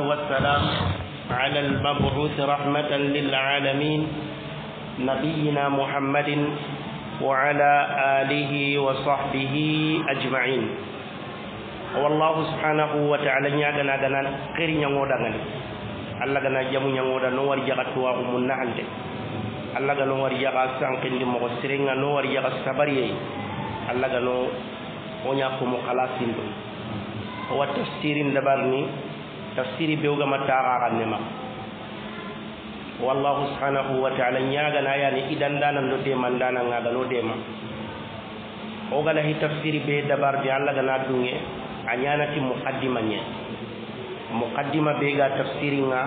والسلام على المبعوث رحمة للعالمين نبينا محمد وعلى آله وصحبه أجمعين والله سبحانه وتعالى نياغنا غنا خير نيغودا غنا الله غنا جم نعودا نور جعت جاغا توا الله غنا نور جعت سانكين مغسرين نور جعت نو سباري الله غنا ونيا كم خلاصين وتفسيرين دبرني tafsiri bew gama taxaxan ne ma wallahu subhanahu wa taala ñagana yani idandanan do dema ndanangaga no dema ogalahi tafsiri be dabar de allah gana dunge a ñanati muqaddima ñe muqaddima be ga tafsiri nga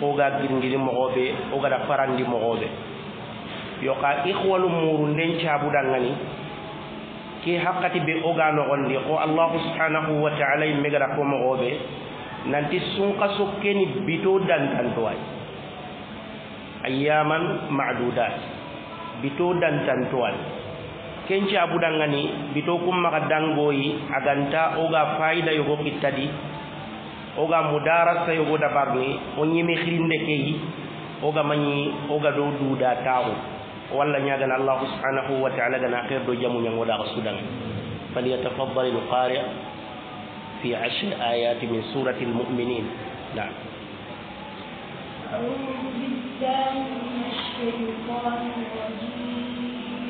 koga girngiri moxoɓe ogada farandi moxoɓe yoka ixwalu muru nden cabudangani ke haqati be oga noxondi ko allahu subhanahu wa taala i megata ko moxoɓe nanti sungka suke ni bitodan kan tuai ayaman ma'dudat bitodan kan tuai kenci abu dangani bitokum makadanggoi aganta oga faida yogo kita di oga mudara sayo goda bagni onyi mekhlinde kei oga manyi oga do duda tahu walla nyagan Allah subhanahu wa ta'ala dan akhir do jamu yang wada rasudang fali yatafaddal al في عشر آيات من سورة المؤمنين نعم أعوذ بالله من الشيطان الرجيم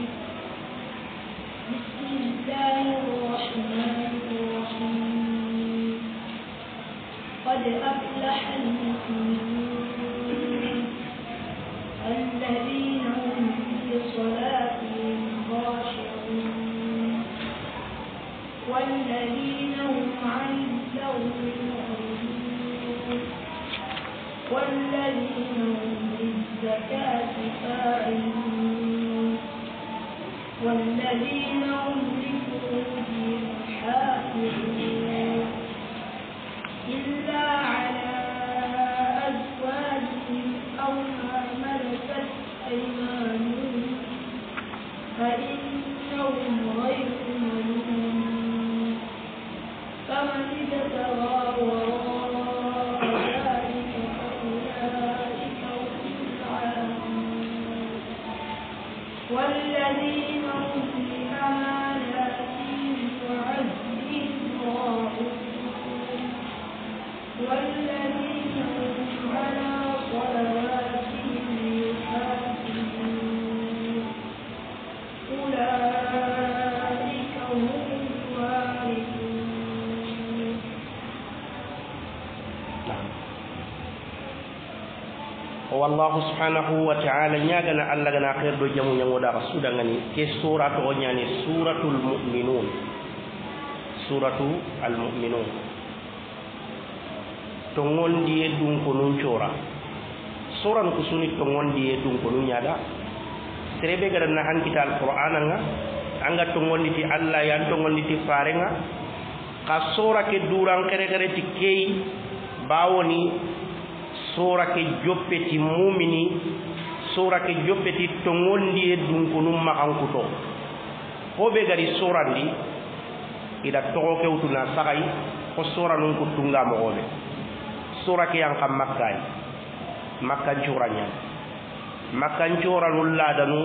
بسم الله الرحمن الرحيم قد أفلح المؤمنون الذين هم في صلاتهم خاشعون والذين والكاشفين والذين هم والله سبحانه وتعالى نيغنا الله غنا خير دو جامو نيغو دار سودا غني كي سوره او نياني سوره المؤمنون سوره المؤمنون تونغون دي دون كو نون چورا سوره نكو سوني تونغون دي دون كو نون نياغا تريبي غدا نحان كتاب القران nga anga tongon niti Allah ya tongon niti farenga ka sura ke durang kere kere tikei bawoni suurake joppeti mumini suurake joppeti tongondi e dunkunu makankuto fo ɓe gari suurandi ida togo kewtuna sahay ko suura nun kuttunga mogoɓe suurake yan kam makkayi makkancuurañan makkancuuranu laadanu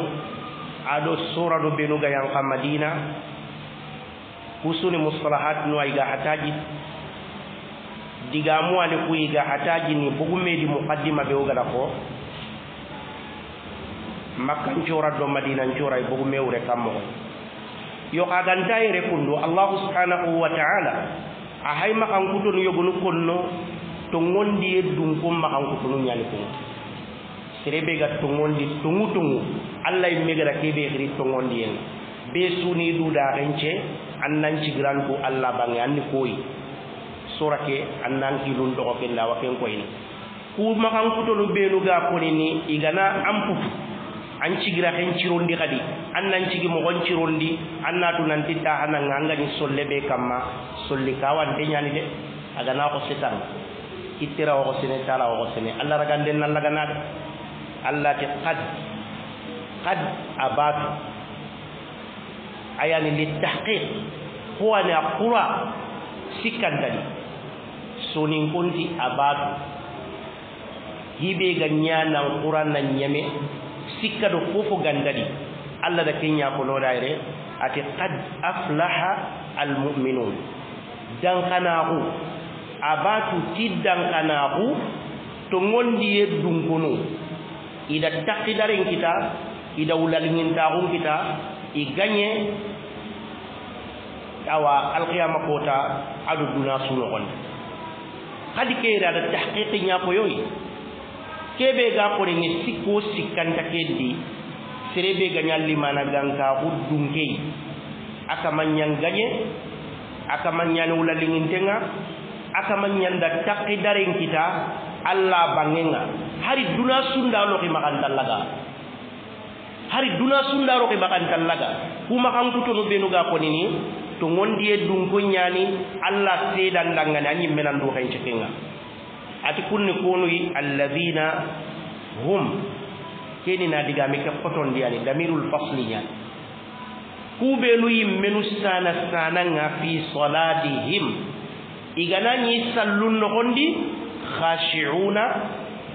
aɗo suuranu ɓenuga yan kam madina kusuni mustalahat nu ayga hataji digamu ali kuyiga hataji ni fogumedi mukaddima be ogala ko makka ncora do madina ncora e bogu mewre kammoo yo kaganta e rekundu allahu subhanahu wa taala a hay makankuton yogonu konno to gondi e dunko makankutonu ñani kon serebe ga to gondi tongu tongu allah e megara kebe hiri to gondi en be suni duda hence annanci grantu allah bange anni koyi surake annan hilun dogo kella wa ken koyni ku makan kutolu benu ga ni igana ampu an cigira hen cirondi kadi an nan cigi mogon cirondi an natu nantitta hanan ni solle be kamma solli kawante ñani de na ko setan ittira ko sene tala ko sene allah raganden nan laganade allah ti qad qad abad ayani tahqiq huwa ni a qura sikkantani soninkonti a baatu hiɓee ga ñaanan quran nan ñame sikka ɗo fof o ganndaɗi allah da keña ko nooɗayre ate qad aflaha almuminun danqanaaku a baatu ti danqanaaku to ngonndi ye dunkunu ida taqidaren kita ida wulalingintaaxun kita i gaye awa alqiyama koota aɗo duna sunoxonde kadi ke ra da tahqiqi nya ko yoyi kebe ga ko ni sikko sikkanta keddi serebe ga nyalli mana ganka uddun kei aka manyan gaye aka manyan ulalin intenga aka manyan da taqidaren kita Allah bangenga hari duna sunda lo ki makan talaga hari duna sunda ro ki makan talaga kuma kan kutu no benu ko nini to ngondi e dunkunyani allah seedan dangane a menan do hay cekenga ati kunni konuyi alladina hum keni na digami ke potondiyani damirul fasliyani kuɓenu yimmenu sana sananga fi solatihim iganañi sallun nogondi khashiuna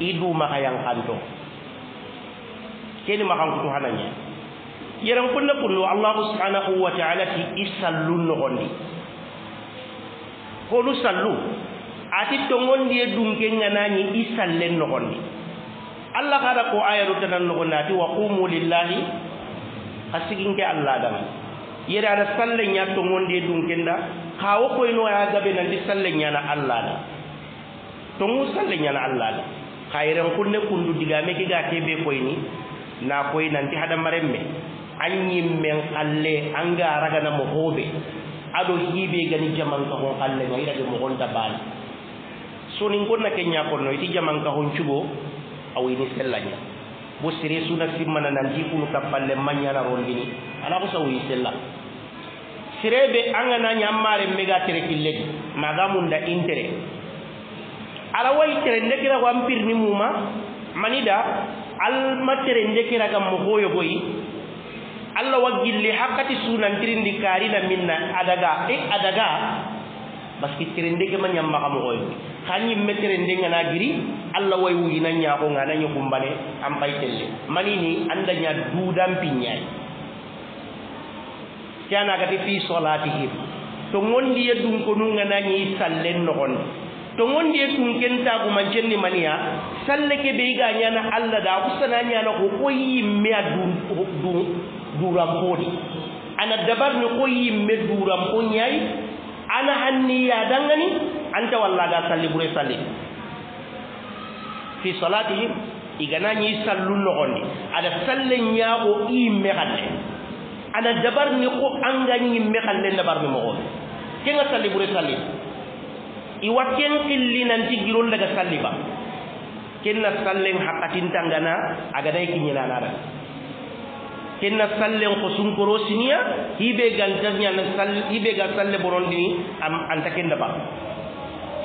idu hayang kanto keni maxankutu kutuhananya yeren ku nebbulu allahu subhanahu wa taala ti i sallu nogondi honu sallu ati tongondi ye dunke ŋanañi i salle nogondi allah hara ko ayadu tanan nogondi ati wa qumu lillahi ha siginke allah dama yere ana salle ña tongondi ye dunken da ha wo koy no aya gabe nandi salle ñana allah da tongu salle ñana allah da ha yeren ku nekkundu digame kega keɓe koyni na koy nanti hadamaren me an yi men kalle an ga raga na muhobe ado hibe gani jaman ka hon kalle no ida de mo honta bal so ko na ke nya ko no iti jaman ka hon chugo awi ni sellanya bo sire suna simmana nan di kunu ka palle manyara na rondini ala ko sawi sella sire be an na nyammare mega tere kille maga mun da intere ala wai tere ndekira wa mpirni muma manida al matere ndekira ga mo hoyo boyi Allah wagil li sunan tirindikari na minna adaga eh adaga baski tirindike ke manyam ma kamu koy xani metrende nga na giri Allah way wuyi na nya ko kumbane am bay tele manini anda nya du dam pinyay kana ga fi salatihim to ngondi yedum ko to wonde e tun ta ma jenni maniya bai ɓe yiga ñana allah da kusana ñana ko ko du a durampoɗi ana dabarni ko yimme durampo ñayi ana hanni yadangani anta wallaga salli bure salli fi igana ni sallu sallen aɗa o i me hadde ana dabarni ko hadde dabar halle mo ko kenga salli bure salli iwa ken qillinanti girol daga salli ba kenna sallen haqatintangana agadai kiñinanaɗan kenna sallen ko sunkoro siniya hiɓe galtañana hiɓe ga salle borondini am anta kenda ba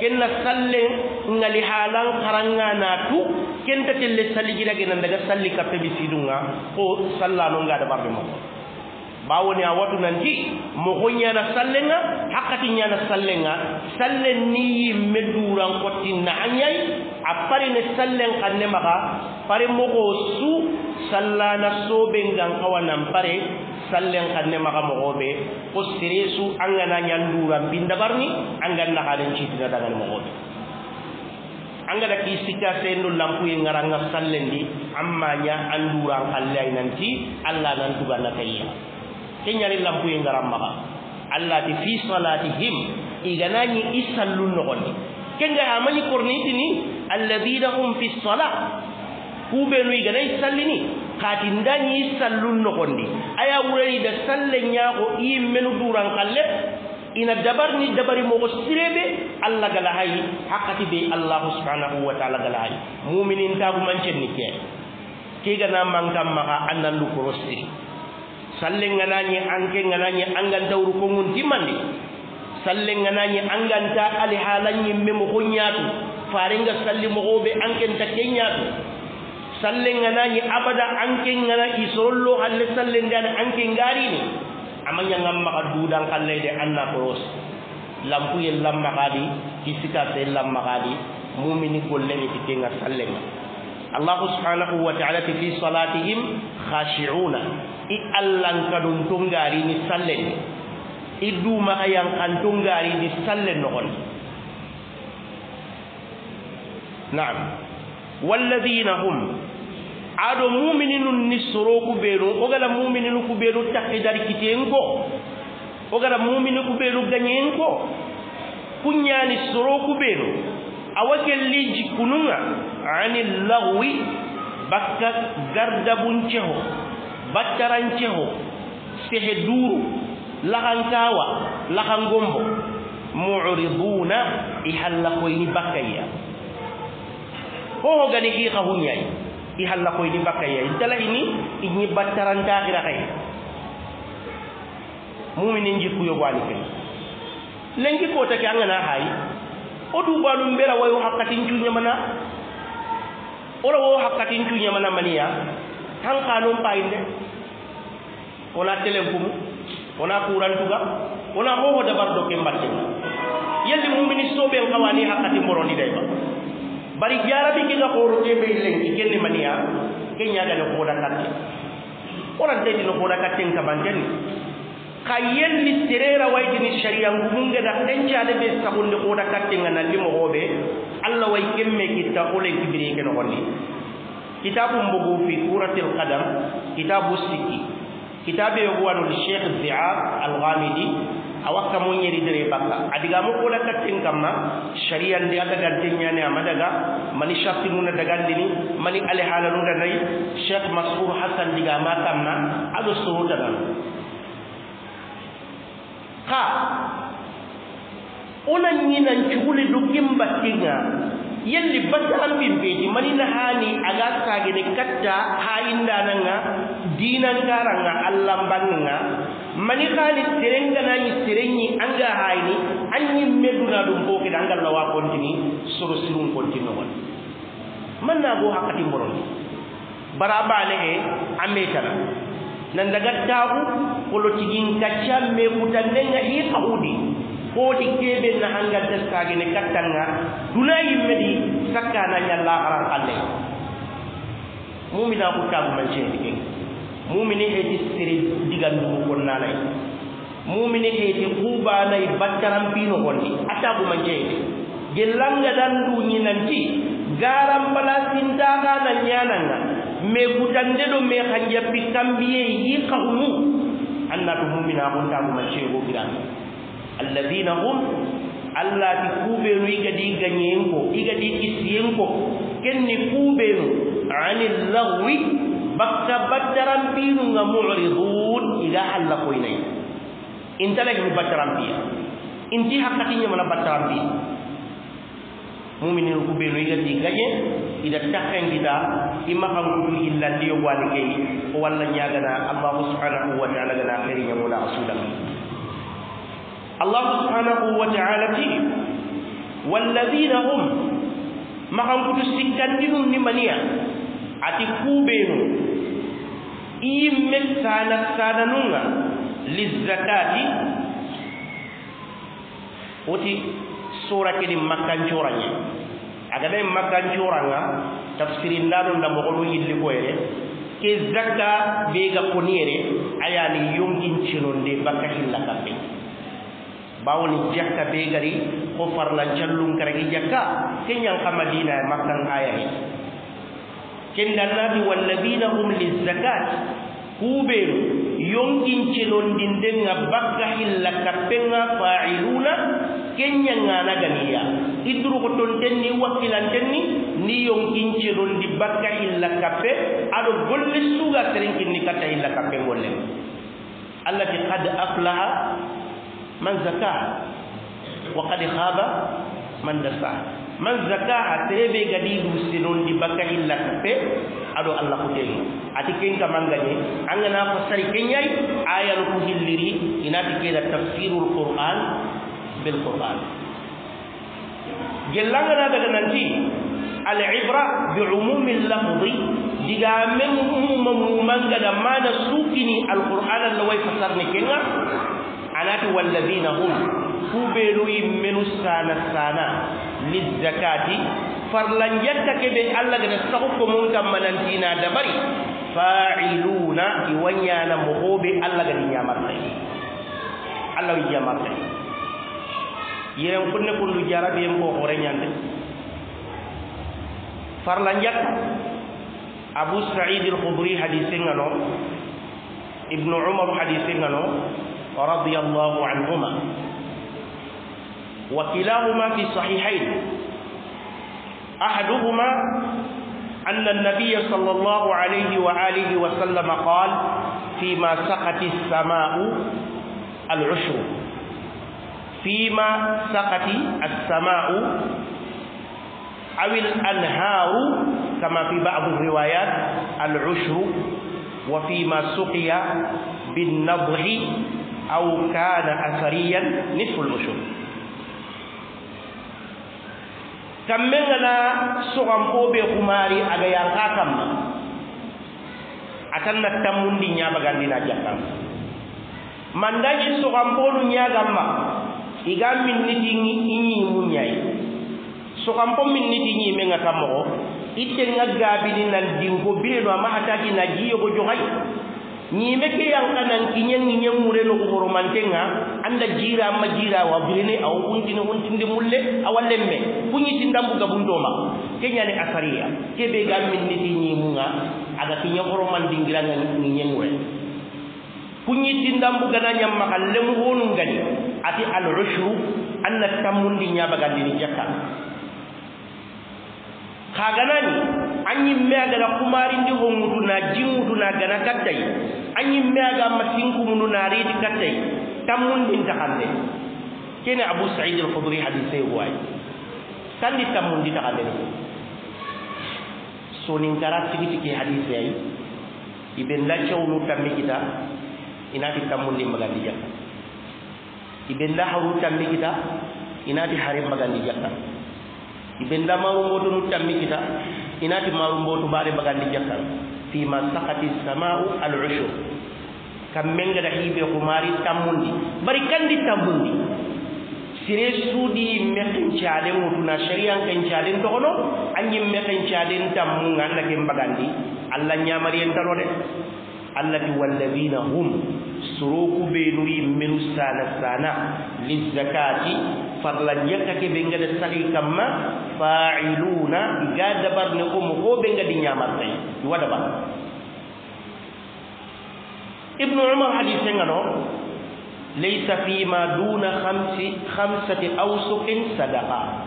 kenna sallen ngali halan karanganatu kentatelle salli jiragenan daga salli kappe mi siduga ko sallanongaada barɓe mako bawoni a watu nanti mogo ñana sallenga hakkati ñana sallenga sallen ni yimme durankotinna a ñayi a parine sallen kan ne maxa pare mogo su sallana soben gan kawa nan pare sallen kan ne maxa moxoɓe ko sere su a ngana ñan duran bindabarni a ngan naxalen citina dangane moxoɓe an gada ki sika sai nun lampu yin ngaran sallen di amma nya an duran Allah nanti Allah nan tuga na kai kenyalin lampuyen garan maga allah di fi salatihim iganani isallun nogoni kenga amani kornitini alladhina hum fi salah kubenu iganai sallini katin dani sallun nogondi aya wurari da sallen yago imenu duran kalle ina dabar ni dabari mogo sirebe allah gala hayi hakati be allah subhanahu wa taala gala hayi muminin bu manchen ni ke kegana mankam maga annandu korosiri sallen ganani anken ganani angan dawru ko ngun timmandi sallen ganani anganta ali halanyi memo honyatu faringa salli mogobe anken takenyatu sallen ganani abada anken gana isollo halle sallen dan anken garini amanya ngamma kadudang kalle de anna koros lampu lam magadi kisika lam magadi mu'mini kolleni nga sallen Allah subhanahu wa ta'ala fi salatihim khashi'una i kadun tunggari ni sallen ni i duma kan tunggari ni sallen nogon na'am walladhina hum ado mu'mininu ni ku beru o gala mu'mininu ku beno takidar kitengo o gala mu'minu ku beno ganyengo kunyani soro ku beno awakelli jikununga ani lawi bakka gardabun ceho battaranceho sehe duuru lahankawa lahangombo muriduna i halla koyni bakkayya hoho gani hiika hunyayi i halla koyni bakkayya dala ini iñi battarantahira kay muminin jikkuyogwani kay lenki kotake a angana haayi o dubalum mbela wayo hakkatin cuñamana ora wo hakkatin cuñamana maniya tan kanum payinde wona telenkumu wona kurantuga wona hoho dabar do ke mbatten yalli mumini soɓe hawani hakkati mborondi day ba bari jarabi kega koro teɓey lengki kenne maniya ke ñagane hoda katte worantaydi no hoda katten kamanteni ka yelli serera waytini saria ngumungeda dencade ɓe sabunde hoda katte ga nalli mo hoɓe allah way kemme kitta olen kibiriyke no honni kitabu mbugu fi suratil qadam kitabu sikki kitabe yogowanol cheikh ziar alhamidi awa ka mo ñeridere bakka adiga mo kola katten kam ma saria nde a dagantenñane ama daga mani charti nuna dagandini mani alihaala nuda nayi cheikh masour hassan diga ma kam ma aɗo sorodagan xa ona ñinan cugule du kimbattinga bi battaran mani na hani aga sagede katta ha karanga, dinankaranga allambanninga mani hani serenganani serenñi anga hayni anyi medduna dum fo kede lawa kontini kontini sirum Man na go hakati mboroni bara bane e ametana nan daga taku kolo cigin kacca me kutannenga hi hahudi kooti keeɓen na anga deskaage ne kattal nga duna yimme ɗi sakkana ñalla haran alle mumina kuttaagu man ceedi ke mumini heeti siri ndiganndumu konnanayi mumini heeti kuubaanayi baccaran mbino gonɗi attaagu man ceedi ge langa dan ndu ñinanti garan bala sintaakaana ñaanan nga mais gutande ɗo mais xa jappi kambiyeyi yi xaxumu annatu mumina kuntaagu man ceegoo giraa الذين هم الله تكوبن ويجدي غنيمكو يجدي كسيمكو كن نكوبن عن اللغو بكت بكتران بيرون معرضون إلى حل إن انت لك بكتران إن انت حقتين من بكتران بيرون mu'minin ku benu ila di gaje ida takkan kita imma kam ku illa di wal kay wala nyaga na allah subhanahu wa ta'ala gana akhirnya mula asudan Allah subhanahu wa ta'ala ti walladhina hum ni nimaniya ati kuɓenu iyimmel sana sananunga lizakati woti sura kedi makkancorañe aganayi makkancoranga tafsirinnaɗum na mogoɗo yilli koyere ke zakka ɓe ga koniyere ayani dee bakka hilla kamɓe bawni jakka be gari ko farla jallum karagi jakka kenyal ka madina makan ayah ken dalla bi wal ladina hum liz zakat kubel yongin celon dinden abakka illa kapenga fa'iluna kenya ngana ganiya idru ko ton denni wakilan denni ni yongin celon di bakka illa kape ado golle suga terengkin ni kata illa kape golle Allah ti qad aflaha من زكاها وقد خاب من دساها من زكاها تيبي غديد وسنون دي بكا إلا كفي أدو الله كتير أتي كين كمان غني أنغنا فسري كين يأي آية لكوه الليري إنا تكيدا تفسير القرآن بالقرآن جلنا نادر ننتي العبرة بعموم اللفظ جيغا ممو ممو مانغا دا مانا سوكيني القرآن اللوي فسرني كينغا ma'ana wallazina hum ku beruyi minu sana sana lizakati farlan yatta ke be Allah da sahuko mun kan manantina da bari fa'iluna iwanya na muhobe Allah ga ya martai Allah ya martai yeren kunne kullu jarabe en bo horenya farlan yatta abu sa'id al-khudri hadisin ngano ibnu umar hadisin ngano رضي الله عنهما وكلاهما في الصحيحين أحدهما أن النبي صلى الله عليه وآله وسلم قال فيما سقت السماء العشر فيما سقت السماء أو الأنهار كما في بعض الروايات العشر وفيما سقي بالنضح aw kana asariyan nisful usur kamme ngana sogam o ɓe kumari aga yanka kamma atanna tammundi ñabagandina jakkam mandaji sogampolu ñagamma iga min nitii iñimu ñayi sogampo min nitiñi menga kammoko ittenga gabininan dinko bireno ama ataki na jiyogo joxay ñiime ke yanqananki ñangi ñammure no umoromantenga annda jiirama jiirawa birene awo wuntine wuntinde mulle awa lemme kuñiti ndambuga bundoma keñane asariya keɓe ga minniti ñimunga aga ki ñahoromandingiranga ni ñangure kuñiti ndambugana ñammaka lemu honum gani ati alrochru anna tammundi ñabagandini jakka kaganani añim meagana kumarindi ho ŋuduna jinŋuduna gana kattay añim meaga masinkumunduna riidi kattay tammundintahande kene abou saïd alhoudri hadise huwaye tandi tammundi tahande ni sonin gara tigi tigi hadise ay iben la cewnu tammi kita inati tammundi magandi jakka iben la haru tammi kita inati hari magandi jakka iben la maro ngodonu tammi kita inati marum botu bare bagandi fi fima sakati samau al ushur kam menga da hibe ko mari tamundi bari kandi tamundi sire sudi mekin caalen mutuna shari'an kan caalen to kono anyi mekin caalen tamunga ndake ke bagandi allah nyamari en tano التي والذين هم سروق بينوري من سانا سانا للزكاة فرلن يكاك بينك السقي كما فاعلون إذا برنكم هو بينك دنيا مرتين يوادبر ابن عمر حديث عنه ليس فيما دون خمسة أوسق صدقات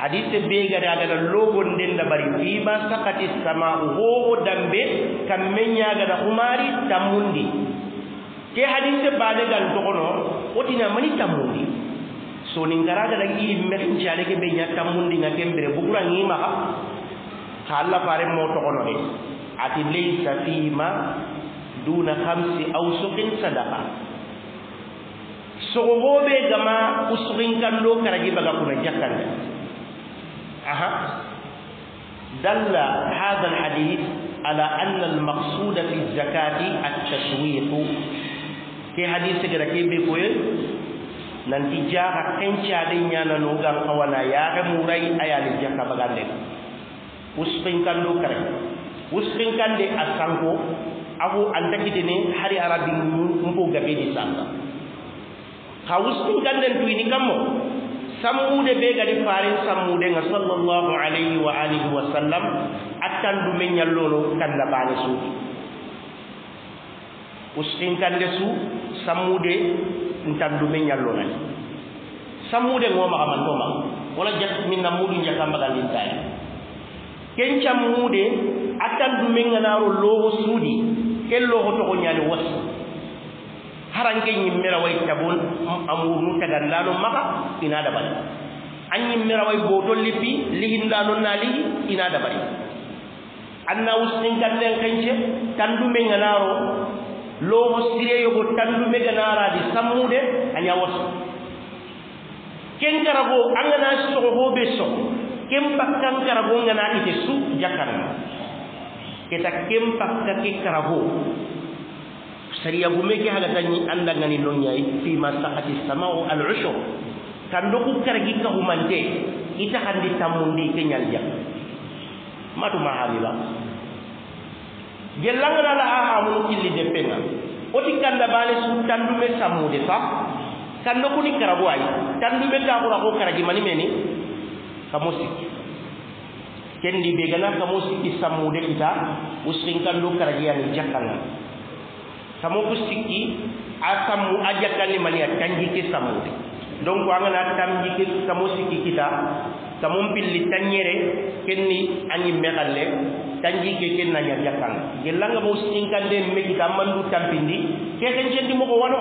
hadise beegadaagada loogol ndennda bari fiima sakati sama howo dambe kam meññaagada humaari tammundi te hadise baadegal togono otina mani tammundi so ni ngaraagada ii mesncaale ke mbeña tammundinga kembere bukurangiima ha ha allah faare mo togono e ati leysa fiima duna hamsi ausukin sadaka sogo hoo ɓee gama usukinkanloo karagi baga kuna jakkande أها دل هذا الحديث على أن المقصود في الزكاة التشويق في حديث كركي بيقول nanti jaha kenca de nyana no gan awana ya ga murai aya le jaka bagande uspin kan do kare uspin kan de asango abu andaki de ne hari arabi mumpo gabe di sanga ka uspin kan den tuini kammo sammuude be gadi faaren sammuude nga sallllahu alayhi wa alihi wa sallam attan ɗume ñalloono kanna baane suuɗi ustinkande suu sammuude ntan ɗume ñalloonani sammuude ngoomaxa man to maxa wala jat minna muɗu jaka mbagalintaye ken cammuude attan ɗumenganaaro loowo suuɗi ken looxo toxo ñaani was haranke ñimmerawayi tabol amuru tagandano maka ina dabari añimmerawayi boto lippi lihinndano na lihi ina dabari anna usnin kanden kence tandume ganaro lowo sire yogo tandume ganaradi sammude aña wasu kenkarago an gana soko ho ɓe soko kenpakkankarago ngana ite su jakkanma keta kenpakkake karago sariyagu meke hagatañi anda ngani loñayi fi masahati samao al usur kando ku kargi kahumante ita handi tammundi ke ñalja matuma haɓiba gellanganala a hamun killi deppenga oti kanda bale su tandume sammude fa kando kuni karagu ayi tandume taɓura ko karagi mani meni kamo sikki kendi ɓe gana kamo sikki sammude kita usrin kando karagi yani jakkalga samo ko sikki ajakan samu a kanji mani a tanji ke samu donc a ngana tamji ke samo sikki kita samo pilli tanyere kenni ani mbegalle tanji ke kenna ya jakkan ye langa mo sinkande me kita mandu tampindi ke ken kan jendi mo ko wano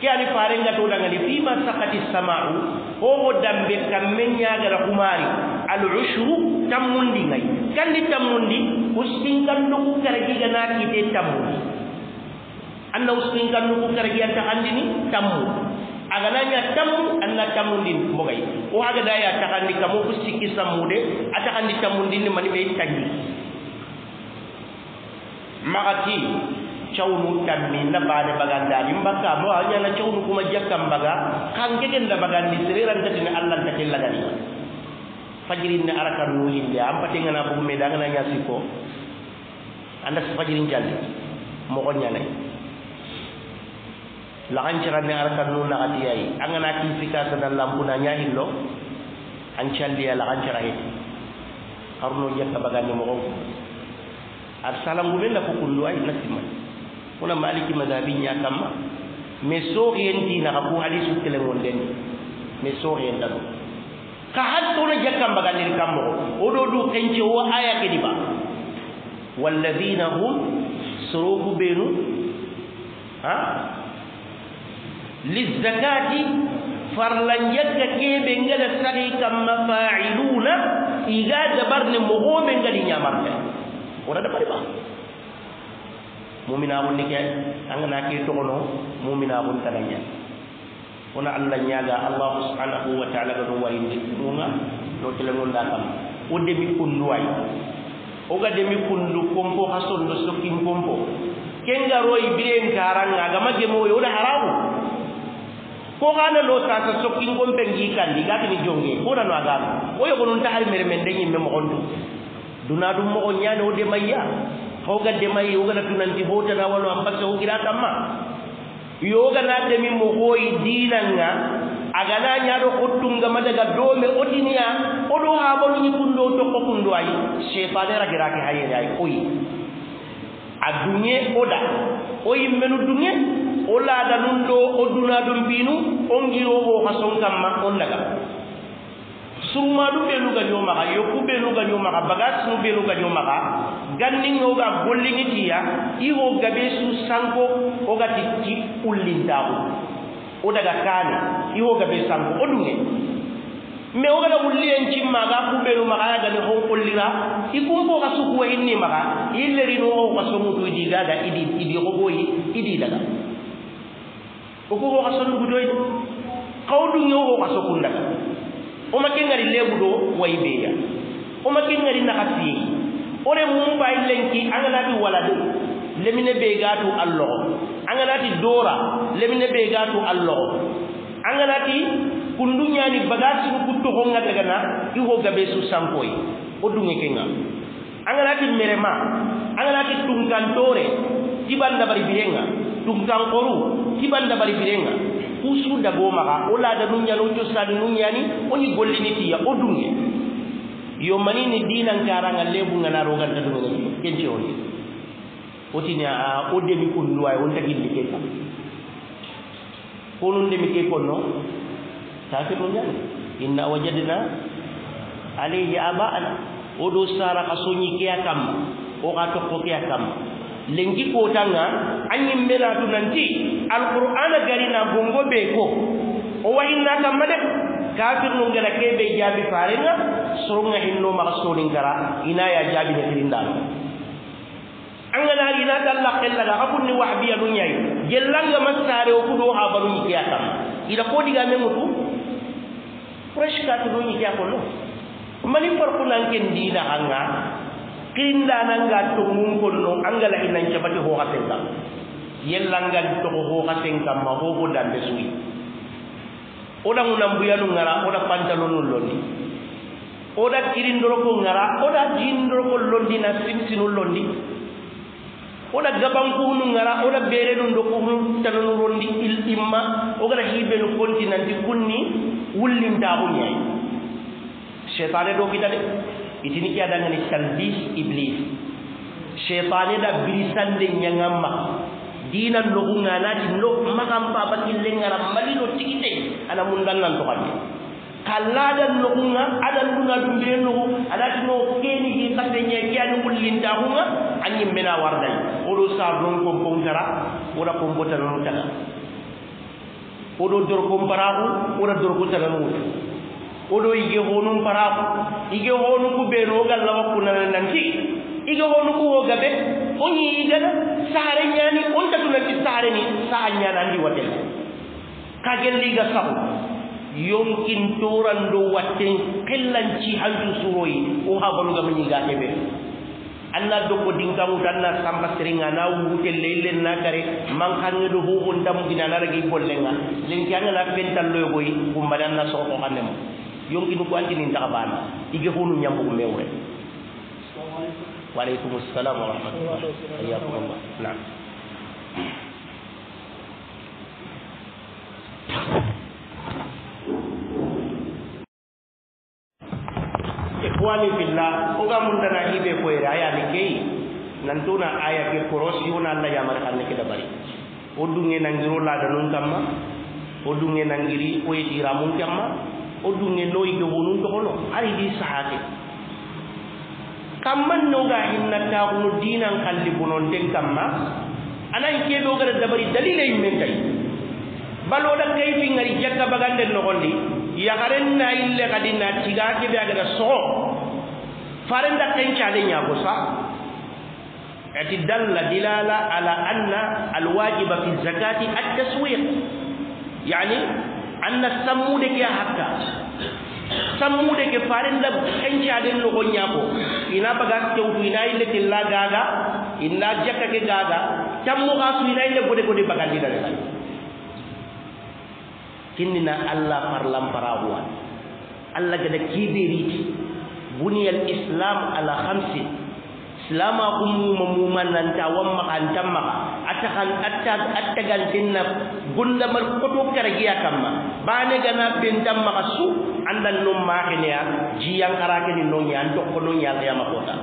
ke ani pare nga to daga ni fima sakati samau o oh, wo oh, dambe kam men gara kumari al ushru tamundi ngai kandi tamundi ustingan dokku kare gigana kite tamundi anda usingan nuku ngare gi anta andini tammu kamu nanya kamu anna tammu din mogay o aga daya ta handi kamu ku sikki samude atau handi tammu din mani be tangi magati cawnu tammi na bade baganda yim bakka mo hanya na cawnu kuma jakkam baga kan gegen da bagandi sireran ta tin allah ta tin lagani fajirin na arakan nuyin dia ampati ngana bu me da ngana anda fajirin jadi, mo ko laxancirandi arkannu naxatiyayi a ngana kin sikasana lampuna ñahillo an calliya laxancira heti xaruno jakka bagandi moxon ku ad salangume na kukundu ay na sima kuna maliki madabi ña kamma mais sooxiyentinaxa ku ali so mais sooxiyentanu ka na tono baga bagandin kam moxo o do du ce wa aya di ba walladina hum soroku benu, ha lizakati farla jagga keɓe gela sahi kamma failuna iga dabarne mogoɓe gali ñamarte wona dabari ɓa muminagun ni ke angana ke togono muminagun tagaña wona allah ñaga allahu subhanahu wa taala gano wayinde muga no telegolɗa kam o demi kundu way oga demi kundu kompo ha sondo sokkin kompo kengaroye biren karanga gama gemoyo wona haramu ko xana lo sasa soki ngom pen gi kandi ga kini jonge ko na no agam o yogo non tahar mere men dengi me mo duna dum mo on nyane o de mayya ko ga de mayi o ga tunan ti hota na walu amba so gira tamma yo ga na de mi mo ko yi dinanga aga na nyado ko tunga ma daga do me o dinia o do ha bolu ni kundo to ko kundo ay she fa de ra gira ke haye ay koyi a dunye oda o yimmenu dunye o laada ɗum ɗo o duna ɗum mbinu on girowo façon kam ma on daga surma ɗum ɓenuga ñomaha yokku ɓenuga ñomaha bagas nu ɓenuga ñomaha gannin oga gollinitiya iho gabe su sanko oga titti ullintaku o daga kane iho gabe sanko o ɗuge mais o gana wulli en cimmaga kuɓenu maga ya gani hon kollira i kunko ka sukuwa inni maga yillerino o ka somutujigaga idi idi hoɓoyi idi daga okoko kasollugudoy kawɗum yowgo kaso kundata oma ke ngari leguɗo wayi beya oma ke ngari naha fiyeyi ore mum mbayi lenki anganati walade lemine ɓe gatu alloho ti dora lemine ɓe gatu alloho ti kundu ñani bagage sugu kutto honga dagana i ho gabe su sampoy o dunge ke nga ti merema ti anganati tunkantore tibandabari biyenga dugan koru kiban da bari birenga kusu da goma ka ola da dunya lojo sa dunya ni oni golli ni tiya o dunya yo mani ni dinan karanga bunga ngana rogan da dunya kenje oni oti ni a ah, ah, ode mi kunnu ay on tagi dike ka konun de mi ke konno ta se dunya inna wajadna alaihi aba'ana odo sara kasunyi kiyakam o ka tokko kiyakam len jikkotanga añin menatu nanti alqur'ana garina gongo ɓe ko o wayinnakamma de kafir no gara keɓe jaabi farenga soronga hinno maxa sonin gara ina ya jaabi ne kirindano angana ina dalla qellaga xa funni waxbiya nu ñayi jellanga ma saare o fudo xa banu ñikeya kam ida ko diga me ŋutu fresh katu no ñikeya kollo mani farku nan ken dinaxanga kirindananga togun kon non an ngala i nan cabati hoxa sen kam yellangal togo hoxa sen kam ma hoho dambe suyi oda ŋunanbuyanu ŋara oda pantalonu londi oda kirindoroko ŋara oda jindoroko londi na simsinu londi oda gabankuhunu ŋara oda berenu ndokuhunu tanonu rondi ilimma ogana hibenu konti nanti kunni wullintaxuñayi setane do kita de Itu lah, kan ni kira dengan sandis iblis. Syaitan ni dah beri sanding yang ngamak. Dinan lukungan nanti nuk makan papa kiling ngarap mali nuk cikite. Ada mundan nanti kami. Kalau ada lukungan, ada lukungan dunia nuk. Ada cuma kini kita dengan kia nuk lindah huma. Angin menawar day. Ulu sarung kumpung cara. Ula kumpung cara nuk cara. Ulu jor kumparahu. Ula jor kumparahu. oɗo ige honun parako ige honuku ɓenogal lawakku nanananti ige honuku hoga ɓe o ñi igana sare ñani on tatunanti sare ni sa saha ñanandi watten kagelliga sahu yonkin toran dow watten qillanci hantu suroyi o ha baluga mañigate ɓe allah dokko dinkamuta na samba seringa na wute leylen na kare man kange ɗo ho on damugina anaragi bollenga lenki angana pentalloyo koy na anna ko kannemo yonki ko anti nin tagabana ige hunu nyambu mewre wa alaykum assalam wa rahmatullahi ayyakum allah na'am ikhwani fillah oga mun dana ko era aya ni kei nantuna aya ke korosi ona allah ya mar kan ke dabari odunge nangiro la danun kamma odunge nangiri o edira mun kamma odunge loyge wonun to hono ari di saate kamman no ga hinna ta no dinan kalli bunon den kamma anan ke do gara dabari dalile men tay balo da kay fi ngari jakka bagande no gondi ya garen na ille kadina tiga ke be agara so farenda ken chale nya ko sa ati dalla dilala ala anna alwajiba fi zakati at-taswiq yani anna de ke hakka de ke farilla kencaɗen lo gonya ko ina baga tewtu ina yille tilla gaga ina jakka ke gaga ga su ina yille gode gode bagandiɗane tan kinnina allah parawa allah da kibiri buniyal islam ala hamsin silama kumuma maka atakan antamma attagan attagantinna gundamar koto kerja kamma bane gana pentam makasu andan num makenya jiyang arake ni non yan ko kono ya yama makota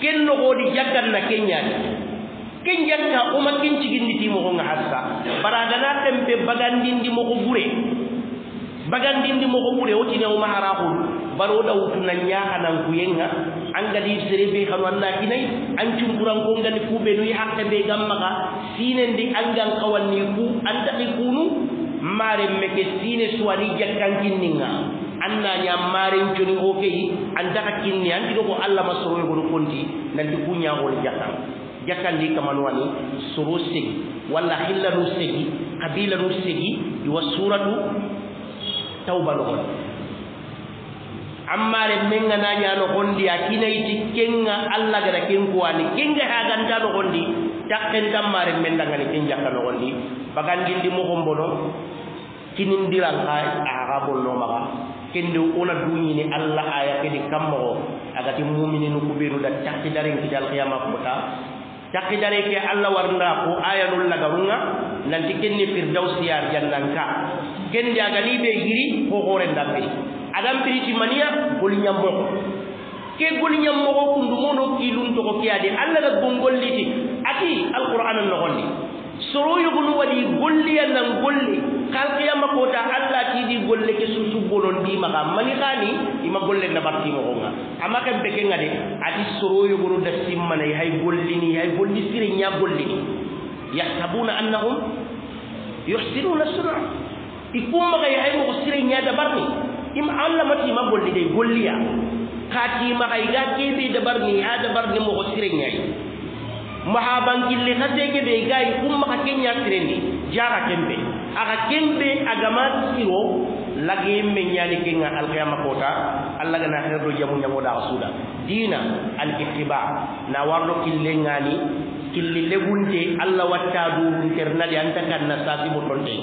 ken no di jakkan na yan ken jakka o makin cigindi ti mo ngasa baragana tempe bagandindi mo ko bure bagandindi mo ko bure o ne o ma ko baro da wutu na nya hanan yenga an gadi be kan anna kinai an cumburan ko ngani be no yi hakke be gamma ka sinen di an gan kawanni ku an taqi kunu maaren me ke siine suwani jakkan kinninga anna ñam maaren coni o feyi an daka kinni an tiɗo ko allah ma soroyo gono fonti nanti kuñagol jakkan jakkandi kamanwani soro segi walla hilla nu segi kabila nu segi iwa suratu tawba nogon ammaren men ga naña no gondi a kinayti kenga allah gana kenkuwani kenga haganta no gondi takken tammaren men dangani ken jakka no gondi bagandindi mogo mbono kinin dilang ay arabol no mara kendo ona duni ni alla aya kedi kamro aga ti mumini no kubiru da tiakki dare ki dal qiyamah ko ta tiakki dare ki alla warnda ko ayanul nagarunga nanti kenni firdaus yar jannanka kendi aga libe hiri ko hore ndambe adam tri ti mania ko nyambo ke gol nyambo ko ndumono ki lunto ko kiade alla ga bongol liti ati alquran no golli soro yugunu wadi golliya nan golli kan qiyama kota allah tiidi golle ke susu bolon maka mani xaani ima golle nabartimoxonga ama ken nga de ati soro yugunu da simmanay hay gollini hay golli sirenña gollini yahsabuna annahum yuhsinuna suna i kumaxay hay moxo sirenña dabarni ma allah matima golli de golliya xa timaxay ga ya dabarni a dabarni sire sirenñayi mahabankille hateke be gayi kumma ka ken trendi jara kembe aga kembe agama siro lage yimɓe ñaali al qiyamah kota allah gana herdo jamu nyamo da suuɗa dina al ittiba na warlo kille ngani kille legunte allah watta durunternade anta kanna sasibo tonɗe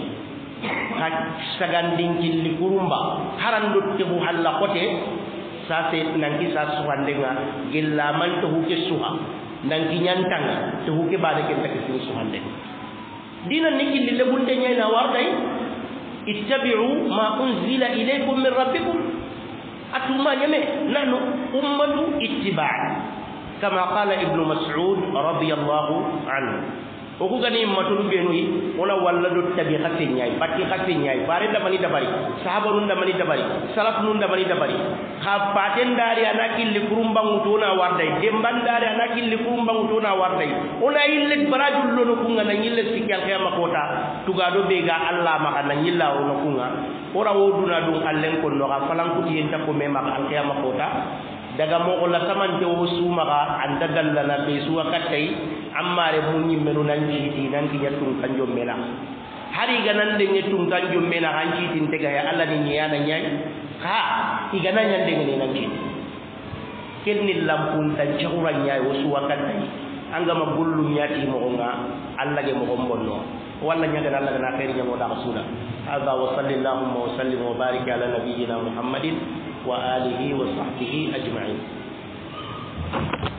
ha sagandin killi kurumba haran dottehu halla kote sa se nanki sa suhandenga gellamantohu ke suha nanki ñantanga to huke baade ken taki sini suhande dina niki bunte nyay na war day ittabi'u ma unzila ilaykum min rabbikum atuma nyame nanu ummatu ittiba' kama qala ibnu mas'ud radiyallahu anhu o ku gani matolu benuyi wala walla do tabi hasse ñayi batti hasse ñayi bare damani dabari sahaba da damani dabari salaf nun damani dabari kha paten dari ana killi kurumbangu tona warday demban dari ana li kurumbang tona warday ona ille barajul lono kunga na ille sikyal khama kota tugado be ga allah maka na yilla wono kunga ora woduna dum allen kon no ga falankuti yenta ko mema khama kota daga la samante wo sumaga la na be suwa katay ammare mum nan nanjiiti nanki yettum jom mena hari ganande yettum jom mena han ya allah ni ñeyana ñayi ha nan nan igana ñandege ne nanjiiti kenni lampuntan wa ñayi wo suwa kantayi angama gullu ñaati mo nga allah ge mogon bonno walla ñagana allah gana xeeri da rasula hada wa sallallahu wa sallim wa barik ala nabiyina muhammadin wa alihi wa sahbihi ajmain